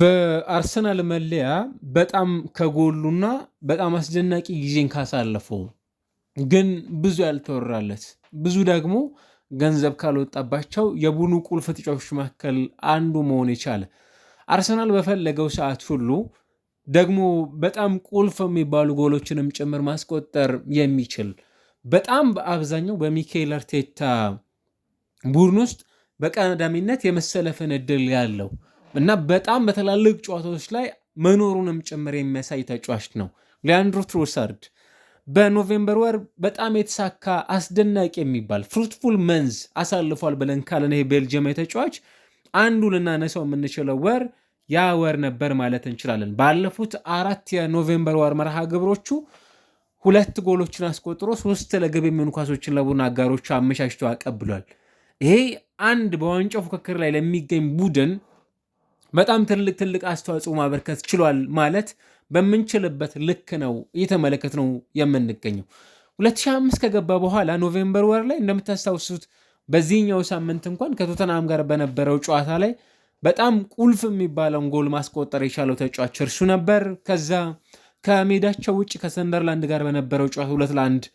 በአርሰናል መለያ በጣም ከጎሉና በጣም አስደናቂ ጊዜን ካሳለፈው ግን ብዙ ያልተወራለት ብዙ ደግሞ ገንዘብ ካልወጣባቸው የቡኑ ቁልፍ ተጫዋቾች መካከል አንዱ መሆን የቻለ አርሰናል በፈለገው ሰዓት ሁሉ ደግሞ በጣም ቁልፍ የሚባሉ ጎሎችንም ጭምር ማስቆጠር የሚችል በጣም በአብዛኛው በሚካኤል አርቴታ ቡድን ውስጥ በቀዳሚነት የመሰለፍን እድል ያለው እና በጣም በትላልቅ ጨዋታዎች ላይ መኖሩንም ጭምር የሚያሳይ ተጫዋች ነው ሊያንድሮ ትሮሳርድ። በኖቬምበር ወር በጣም የተሳካ አስደናቂ የሚባል ፍሩትፉል መንዝ አሳልፏል ብለን ካለን ይሄ ቤልጅየም ተጫዋች አንዱ ልናነሳው የምንችለው ወር ያ ወር ነበር ማለት እንችላለን። ባለፉት አራት የኖቬምበር ወር መርሃ ግብሮቹ ሁለት ጎሎችን አስቆጥሮ ሶስት ለግብ የሚሆኑ ኳሶችን ለቡድን አጋሮቹ አመቻችቶ አቀብሏል። ይሄ አንድ በዋንጫው ፉክክር ላይ ለሚገኝ ቡድን በጣም ትልቅ ትልቅ አስተዋጽኦ ማበርከት ችሏል ማለት በምንችልበት ልክ ነው እየተመለከት ነው የምንገኘው። 2005 ከገባ በኋላ ኖቬምበር ወር ላይ እንደምታስታውሱት በዚህኛው ሳምንት እንኳን ከቶተናም ጋር በነበረው ጨዋታ ላይ በጣም ቁልፍ የሚባለውን ጎል ማስቆጠር የቻለው ተጫዋች እርሱ ነበር። ከዛ ከሜዳቸው ውጭ ከሰንደርላንድ ጋር በነበረው ጨዋታ ሁለት ለአንድ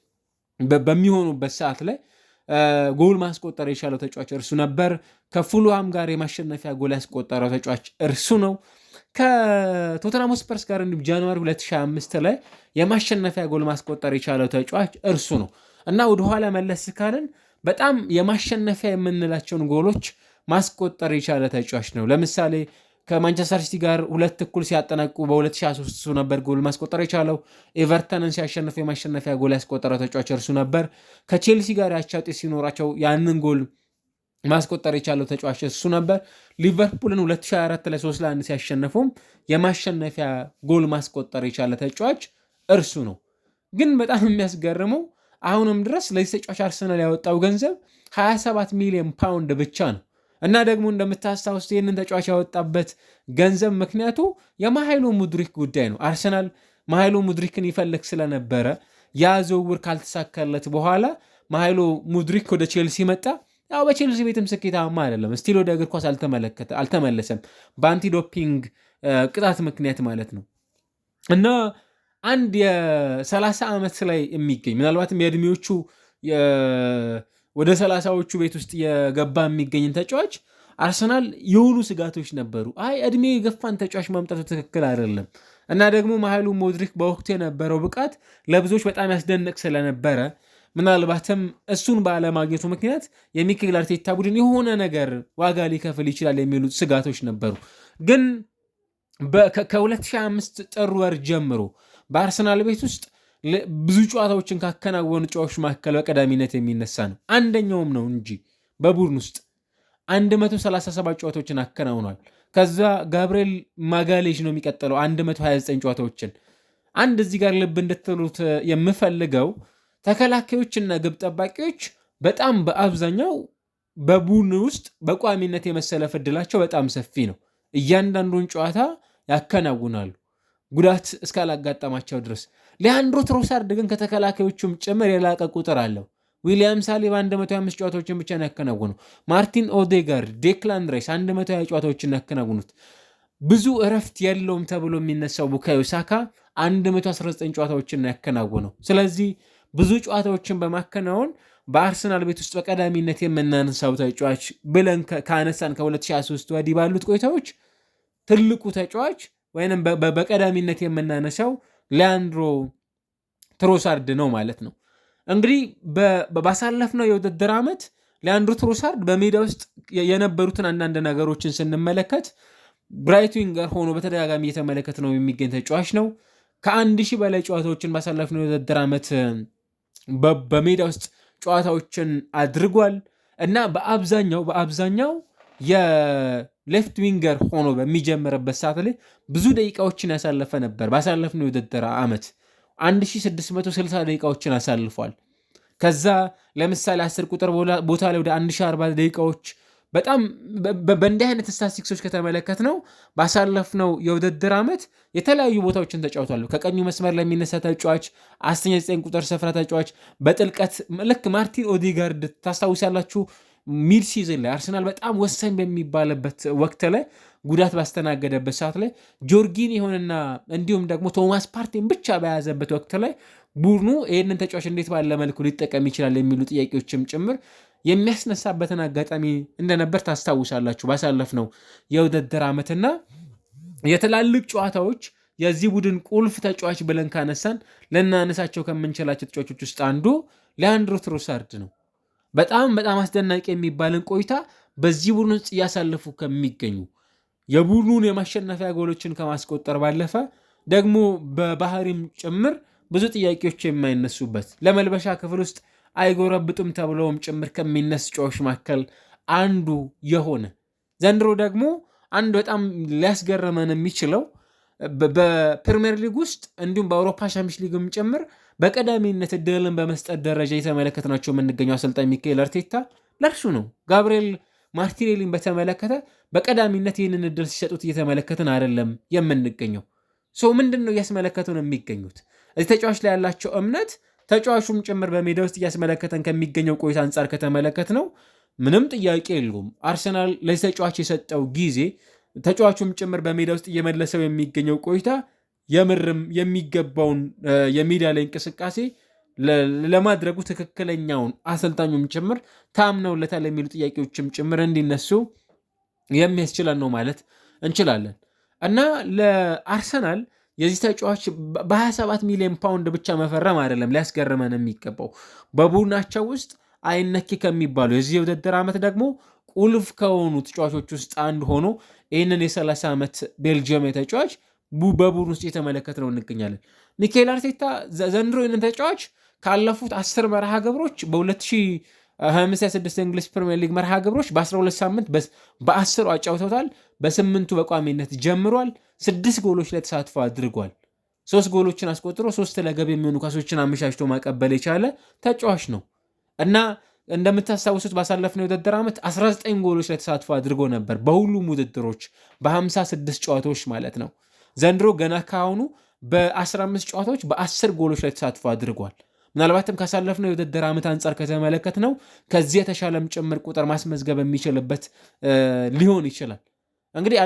በሚሆኑበት ሰዓት ላይ ጎል ማስቆጠር የቻለው ተጫዋች እርሱ ነበር። ከፉልሃም ጋር የማሸነፊያ ጎል ያስቆጠረው ተጫዋች እርሱ ነው። ከቶተናም ስፐርስ ጋር እንዲሁም ጃንዋሪ 2025 ላይ የማሸነፊያ ጎል ማስቆጠር የቻለው ተጫዋች እርሱ ነው እና ወደኋላ መለስ ካልን በጣም የማሸነፊያ የምንላቸውን ጎሎች ማስቆጠር የቻለ ተጫዋች ነው። ለምሳሌ ከማንቸስተር ሲቲ ጋር ሁለት እኩል ሲያጠናቅቁ በ2023 እሱ ነበር ጎል ማስቆጠር የቻለው። ኤቨርተንን ሲያሸንፍ የማሸነፊያ ጎል ያስቆጠረ ተጫዋች እርሱ ነበር። ከቼልሲ ጋር ያቻ ውጤት ሲኖራቸው ያንን ጎል ማስቆጠር የቻለው ተጫዋች እሱ ነበር። ሊቨርፑልን 2024 ላይ 3 ለ1 ሲያሸነፉም የማሸነፊያ ጎል ማስቆጠር የቻለ ተጫዋች እርሱ ነው። ግን በጣም የሚያስገርመው አሁንም ድረስ ለዚህ ተጫዋች አርሰናል ያወጣው ገንዘብ 27 ሚሊዮን ፓውንድ ብቻ ነው። እና ደግሞ እንደምታስታውስ ይህንን ተጫዋች ያወጣበት ገንዘብ ምክንያቱ የማሃይሎ ሙድሪክ ጉዳይ ነው። አርሰናል ማሀይሎ ሙድሪክን ይፈልግ ስለነበረ ያ ዝውውር ካልተሳካለት በኋላ ማሀይሎ ሙድሪክ ወደ ቼልሲ መጣ። ያው በቼልሲ ቤትም ስኬታማ አይደለም፣ ስቲል ወደ እግር ኳስ አልተመለሰም፣ በአንቲዶፒንግ ቅጣት ምክንያት ማለት ነው እና አንድ የ30 ዓመት ላይ የሚገኝ ምናልባትም የእድሜዎቹ ወደ ሰላሳዎቹ ቤት ውስጥ የገባ የሚገኝን ተጫዋች አርሰናል የሆኑ ስጋቶች ነበሩ። አይ እድሜ የገፋን ተጫዋች ማምጣቱ ትክክል አይደለም እና ደግሞ መሀሉ ሞድሪክ በወቅቱ የነበረው ብቃት ለብዙዎች በጣም ያስደንቅ ስለነበረ ምናልባትም እሱን ባለማግኘቱ ምክንያት የሚኬል አርቴታ ቡድን የሆነ ነገር ዋጋ ሊከፍል ይችላል የሚሉ ስጋቶች ነበሩ። ግን ከ 205 ጥር ወር ጀምሮ በአርሰናል ቤት ውስጥ ብዙ ጨዋታዎችን ካከናወኑ ጨዋቾች መካከል በቀዳሚነት የሚነሳ ነው። አንደኛውም ነው እንጂ በቡድን ውስጥ 137 ጨዋታዎችን አከናውኗል። ከዛ ጋብርኤል ማጋሌዥ ነው የሚቀጥለው 129 ጨዋታዎችን። አንድ እዚህ ጋር ልብ እንድትሉት የምፈልገው ተከላካዮችና ግብ ጠባቂዎች በጣም በአብዛኛው በቡድን ውስጥ በቋሚነት የመሰለፍ ፍድላቸው በጣም ሰፊ ነው። እያንዳንዱን ጨዋታ ያከናውናሉ። ጉዳት እስካላጋጠማቸው ድረስ። ሊያንድሮ ትሮሳርድ ግን ከተከላካዮቹም ጭምር የላቀ ቁጥር አለው። ዊሊያም ሳሊባ 125 ጨዋታዎችን ብቻ ነው ማርቲን ኦዴጋርድ፣ ዴክላን ራይስ 120 ጨዋታዎችን ያከናውኑት። ብዙ እረፍት የለውም ተብሎ የሚነሳው ቡካዮ ሳካ 119 ጨዋታዎችን ያከናውነው። ስለዚህ ብዙ ጨዋታዎችን በማከናወን በአርሰናል ቤት ውስጥ በቀዳሚነት የምናነሳው ተጫዋች ብለን ካነሳን ከ2023 ወዲህ ባሉት ቆይታዎች ትልቁ ተጫዋች ወይንም በቀዳሚነት የምናነሳው ሊያንድሮ ትሮሳርድ ነው ማለት ነው። እንግዲህ ባሳለፍነው የውድድር ዓመት ሊያንድሮ ትሮሳርድ በሜዳ ውስጥ የነበሩትን አንዳንድ ነገሮችን ስንመለከት ብራይትዊን ጋር ሆኖ በተደጋጋሚ እየተመለከት ነው የሚገኝ ተጫዋች ነው። ከአንድ ሺህ በላይ ጨዋታዎችን ባሳለፍነው የውድድር ዓመት በሜዳ ውስጥ ጨዋታዎችን አድርጓል እና በአብዛኛው በአብዛኛው የሌፍት ዊንገር ሆኖ በሚጀምርበት ሰዓት ላይ ብዙ ደቂቃዎችን ያሳለፈ ነበር። ባሳለፍነው የውድድር ዓመት 1660 ደቂቃዎችን አሳልፏል። ከዛ ለምሳሌ 10 ቁጥር ቦታ ላይ ወደ 1040 ደቂቃዎች በጣም በእንዲህ አይነት ስታስቲክሶች ከተመለከት ነው ባሳለፍነው የውድድር ዓመት የተለያዩ ቦታዎችን ተጫውቷል። ከቀኙ መስመር ለሚነሳ ተጫዋች፣ አስተኛ 9 ቁጥር ስፍራ ተጫዋች፣ በጥልቀት ልክ ማርቲን ኦዲጋርድ ታስታውሳላችሁ ሚድ ሲዝን ላይ አርሰናል በጣም ወሳኝ በሚባልበት ወቅት ላይ ጉዳት ባስተናገደበት ሰዓት ላይ ጆርጊን የሆነና እንዲሁም ደግሞ ቶማስ ፓርቲን ብቻ በያዘበት ወቅት ላይ ቡድኑ ይህንን ተጫዋች እንዴት ባለ መልኩ ሊጠቀም ይችላል የሚሉ ጥያቄዎችም ጭምር የሚያስነሳበትን አጋጣሚ እንደነበር ታስታውሳላችሁ። ባሳለፍነው የውድድር ዓመትና የትላልቅ ጨዋታዎች የዚህ ቡድን ቁልፍ ተጫዋች ብለን ካነሳን ልናነሳቸው ከምንችላቸው ተጫዋቾች ውስጥ አንዱ ሊያንድሮ ትሮሳርድ ነው። በጣም በጣም አስደናቂ የሚባልን ቆይታ በዚህ ቡድን ውስጥ እያሳለፉ ከሚገኙ የቡድኑን የማሸነፊያ ጎሎችን ከማስቆጠር ባለፈ ደግሞ በባህሪም ጭምር ብዙ ጥያቄዎች የማይነሱበት ለመልበሻ ክፍል ውስጥ አይጎረብጡም ተብለውም ጭምር ከሚነስ ጨዋቾች መካከል አንዱ የሆነ ዘንድሮ ደግሞ አንድ በጣም ሊያስገረመን የሚችለው በፕሪምየር ሊግ ውስጥ እንዲሁም በአውሮፓ ሻምፒዮንስ ሊግም ጭምር በቀዳሚነት እድልን በመስጠት ደረጃ የተመለከትናቸው የምንገኘው አሰልጣኝ ሚካኤል አርቴታ ለእርሱ ነው። ጋብርኤል ማርቲኔሊን በተመለከተ በቀዳሚነት ይህንን እድል ሲሰጡት እየተመለከትን አይደለም የምንገኘው። ሰው ምንድን ነው እያስመለከቱ ነው የሚገኙት? እዚህ ተጫዋች ላይ ያላቸው እምነት ተጫዋቹም ጭምር በሜዳ ውስጥ እያስመለከተን ከሚገኘው ቆይታ አንጻር ከተመለከት ነው ምንም ጥያቄ የለውም። አርሰናል ለዚህ ተጫዋች የሰጠው ጊዜ ተጫዋቹም ጭምር በሜዳ ውስጥ እየመለሰው የሚገኘው ቆይታ የምርም የሚገባውን የሜዳ ላይ እንቅስቃሴ ለማድረጉ ትክክለኛውን አሰልጣኙም ጭምር ታምነውለታል የሚሉ ጥያቄዎችም ጭምር እንዲነሱ የሚያስችለን ነው ማለት እንችላለን እና ለአርሰናል የዚህ ተጫዋች በ27 ሚሊዮን ፓውንድ ብቻ መፈረም አይደለም ሊያስገርመን የሚገባው በቡድናቸው ውስጥ አይነኪ ከሚባሉ የዚህ የውድድር ዓመት ደግሞ ቁልፍ ከሆኑ ተጫዋቾች ውስጥ አንድ ሆኖ ይህንን የ30 ዓመት ቤልጅየም ተጫዋች በቡድን ውስጥ የተመለከት ነው እንገኛለን። ሚካኤል አርቴታ ዘንድሮ ይህንን ተጫዋች ካለፉት 10 መርሃ ግብሮች በ2026 እንግሊዝ ፕሪሚየር ሊግ መርሃ ግብሮች በ12 ሳምንት በ10 አጫውተውታል። በስምንቱ በቋሚነት ጀምሯል። ስድስት ጎሎች ላይ ተሳትፎ አድርጓል። ሶስት ጎሎችን አስቆጥሮ ሶስት ለገብ የሚሆኑ ኳሶችን አመሻሽቶ ማቀበል የቻለ ተጫዋች ነው እና እንደምታስታውሱት ባሳለፍነው የውድድር ዓመት 19 ጎሎች ላይ ተሳትፎ አድርጎ ነበር በሁሉም ውድድሮች በ56 ጨዋታዎች ማለት ነው። ዘንድሮ ገና ካሁኑ በ15 ጨዋታዎች በ10 ጎሎች ላይ ተሳትፎ አድርጓል። ምናልባትም ካሳለፍነው የውድድር ዓመት አንጻር ከተመለከት ነው ከዚህ የተሻለም ጭምር ቁጥር ማስመዝገብ የሚችልበት ሊሆን ይችላል። እንግዲህ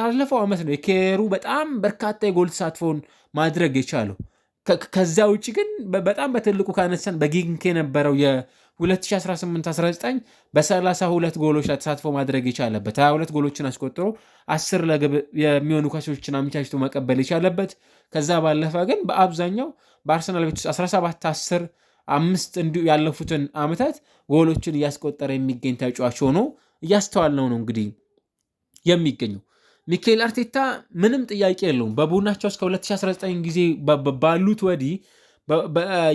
ያለፈው ዓመት ነው የኬሩ በጣም በርካታ የጎል ተሳትፎን ማድረግ የቻለው ከዚያ ውጭ ግን በጣም በትልቁ ካነሳን በጊንክ የነበረው የ2018/19 በ32 ጎሎች ላይ ተሳትፎ ማድረግ የቻለበት 22 ጎሎችን አስቆጥሮ 10 ለግብ የሚሆኑ ኳሶችን አመቻችቶ መቀበል የቻለበት ከዛ ባለፈ ግን በአብዛኛው በአርሰናል ቤት ውስጥ 17 10 አምስት እንዲሁ ያለፉትን ዓመታት ጎሎችን እያስቆጠረ የሚገኝ ተጫዋች ሆኖ እያስተዋል ነው ነው እንግዲህ የሚገኘው ሚካኤል አርቴታ ምንም ጥያቄ የለውም። በቡናቸው እስከ 2019 ጊዜ ባሉት ወዲህ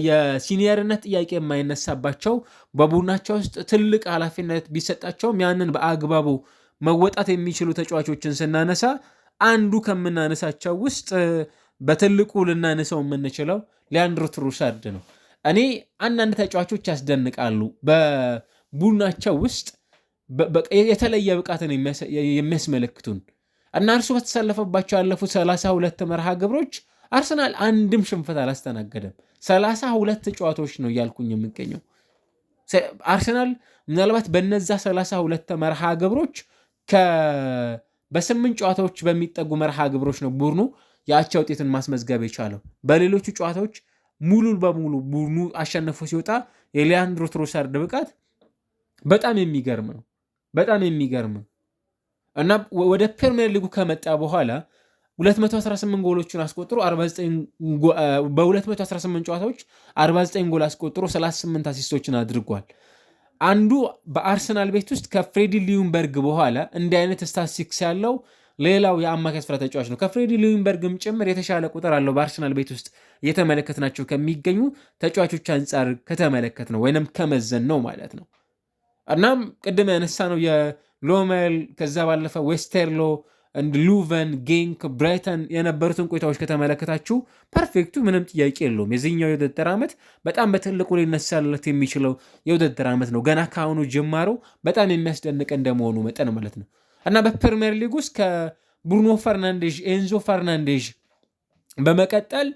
የሲኒየርነት ጥያቄ የማይነሳባቸው በቡድናቸው ውስጥ ትልቅ ኃላፊነት ቢሰጣቸውም ያንን በአግባቡ መወጣት የሚችሉ ተጫዋቾችን ስናነሳ አንዱ ከምናነሳቸው ውስጥ በትልቁ ልናነሳው የምንችለው ሊያንድሮ ትሩሳርድ ነው። እኔ አንዳንድ ተጫዋቾች ያስደንቃሉ። በቡድናቸው ውስጥ የተለየ ብቃትን የሚያስመለክቱን እና እርሱ በተሰለፈባቸው ያለፉት ሰላሳ ሁለት መርሃ ግብሮች አርሰናል አንድም ሽንፈት አላስተናገደም። ሰላሳ ሁለት ጨዋታዎች ነው እያልኩኝ የሚገኘው አርሰናል ምናልባት በነዛ 32 መርሃ ግብሮች በስምንት ጨዋታዎች በሚጠጉ መርሃ ግብሮች ነው ቡድኑ የአቻ ውጤትን ማስመዝገብ የቻለው። በሌሎቹ ጨዋታዎች ሙሉ በሙሉ ቡድኑ አሸንፎ ሲወጣ የሊያንድሮ ትሮሳርድ ብቃት በጣም የሚገርም ነው። በጣም የሚገርም ነው። እና ወደ ፕሪምየር ሊጉ ከመጣ በኋላ 218 ጎሎችን አስቆጥሮ በ218 ጨዋታዎች 49 ጎል አስቆጥሮ 38 አሲስቶችን አድርጓል። አንዱ በአርሰናል ቤት ውስጥ ከፍሬዲ ሊዩንበርግ በኋላ እንዲህ አይነት ስታሲክስ ያለው ሌላው የአማካይ ስፍራ ተጫዋች ነው። ከፍሬዲ ሊዩንበርግም ጭምር የተሻለ ቁጥር አለው በአርሰናል ቤት ውስጥ እየተመለከትናቸው ከሚገኙ ተጫዋቾች አንጻር ከተመለከት ነው ወይም ከመዘን ነው ማለት ነው። እናም ቅድም ያነሳ ነው ሎሜል፣ ከዛ ባለፈ ዌስተርሎ፣ ሉቨን፣ ጌንክ፣ ብራይተን የነበሩትን ቆይታዎች ከተመለከታችሁ ፐርፌክቱ ምንም ጥያቄ የለውም። የዚህኛው የውድድር ዓመት በጣም በትልቁ ሊነሳለት የሚችለው የውድድር ዓመት ነው። ገና ከአሁኑ ጅማሮ በጣም የሚያስደንቅ እንደመሆኑ መጠን ማለት ነው እና በፕሪምየር ሊግ ውስጥ ከብሩኖ ፈርናንዴዥ፣ ኤንዞ ፈርናንዴዥ በመቀጠል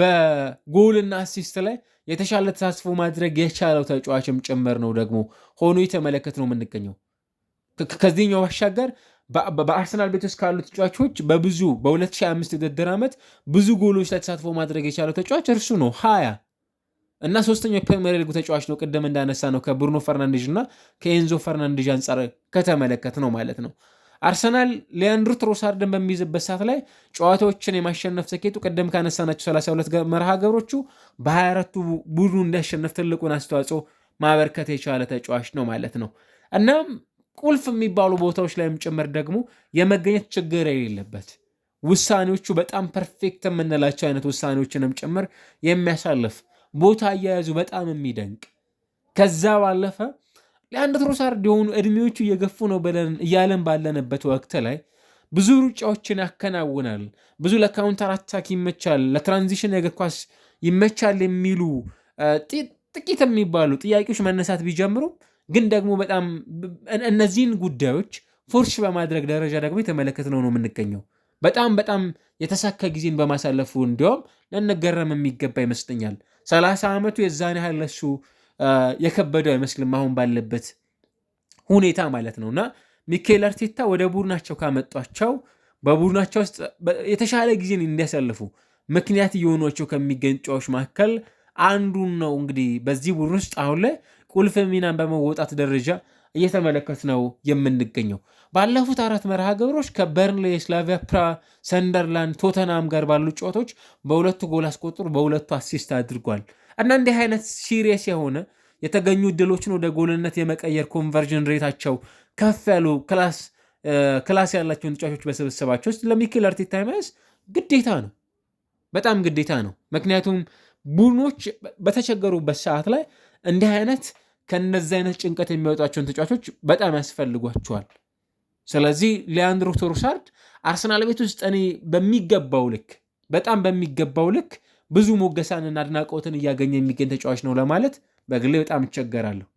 በጎልና አሲስት ላይ የተሻለ ተሳትፎ ማድረግ የቻለው ተጫዋችም ጭምር ነው ደግሞ ሆኖ የተመለከት ነው የምንገኘው። ከዚህኛው ባሻገር በአርሰናል ቤት ውስጥ ካሉ ተጫዋቾች በብዙ በ2005 ውድድር ዓመት ብዙ ጎሎች ላይ ተሳትፎ ማድረግ የቻለው ተጫዋች እርሱ ነው። ሀያ እና ሶስተኛው የፕሪሚየር ሊጉ ተጫዋች ነው። ቅድም እንዳነሳ ነው ከብሩኖ ፈርናንዴዥ እና ከኤንዞ ፈርናንዴዥ አንጻር ከተመለከት ነው ማለት ነው። አርሰናል ሊያንድሮ ትሮሳርድን በሚይዝበት ሰዓት ላይ ጨዋታዎችን የማሸነፍ ስኬቱ ቅድም ካነሳናቸው 32 መርሃ ግብሮቹ በ24ቱ ቡድኑ እንዲያሸነፍ ትልቁን አስተዋጽኦ ማበርከት የቻለ ተጫዋች ነው ማለት ነው እናም ቁልፍ የሚባሉ ቦታዎች ላይም ጭምር ደግሞ የመገኘት ችግር የሌለበት ውሳኔዎቹ በጣም ፐርፌክት የምንላቸው አይነት ውሳኔዎችንም ጭምር የሚያሳልፍ ቦታ አያያዙ በጣም የሚደንቅ ከዛ ባለፈ ለአንድ ትሮሳርድ የሆኑ እድሜዎቹ እየገፉ ነው እያለን ባለንበት ወቅት ላይ ብዙ ሩጫዎችን ያከናውናል። ብዙ ለካውንተር አታክ ይመቻል፣ ለትራንዚሽን የእግር ኳስ ይመቻል የሚሉ ጥቂት የሚባሉ ጥያቄዎች መነሳት ቢጀምሩም ግን ደግሞ በጣም እነዚህን ጉዳዮች ፎርሽ በማድረግ ደረጃ ደግሞ የተመለከትነው ነው የምንገኘው። በጣም በጣም የተሳካ ጊዜን በማሳለፉ እንዲያውም ልንገረም የሚገባ ይመስለኛል። ሰላሳ ዓመቱ የዛን ያህል ለሱ የከበደው አይመስልም አሁን ባለበት ሁኔታ ማለት ነው። እና ሚኬል አርቴታ ወደ ቡድናቸው ካመጧቸው በቡድናቸው ውስጥ የተሻለ ጊዜን እንዲያሳልፉ ምክንያት እየሆኗቸው ከሚገኝ ጨዋቾች መካከል አንዱን ነው እንግዲህ በዚህ ቡድን ውስጥ አሁን ላይ ቁልፍ ሚናን በመወጣት ደረጃ እየተመለከት ነው የምንገኘው። ባለፉት አራት መርሃ ግብሮች ከበርንሌ፣ ስላቪያ ፕራ፣ ሰንደርላንድ፣ ቶተናም ጋር ባሉ ጨዋታዎች በሁለቱ ጎል አስቆጥሮ በሁለቱ አሲስት አድርጓል እና እንዲህ አይነት ሲሪየስ የሆነ የተገኙ እድሎችን ወደ ጎልነት የመቀየር ኮንቨርዥን ሬታቸው ከፍ ያሉ ክላስ ያላቸውን ተጫዋቾች በስብስባቸው ውስጥ ለሚኬል አርቴታ መያዝ ግዴታ ነው፣ በጣም ግዴታ ነው። ምክንያቱም ቡድኖች በተቸገሩበት ሰዓት ላይ እንዲህ አይነት ከነዚህ አይነት ጭንቀት የሚወጧቸውን ተጫዋቾች በጣም ያስፈልጓቸዋል። ስለዚህ ሊያንድሮ ትሮሳርድ አርሰናል ቤት ውስጥ እኔ በሚገባው ልክ በጣም በሚገባው ልክ ብዙ ሞገሳንና አድናቆትን እያገኘ የሚገኝ ተጫዋች ነው ለማለት በግሌ በጣም እቸገራለሁ።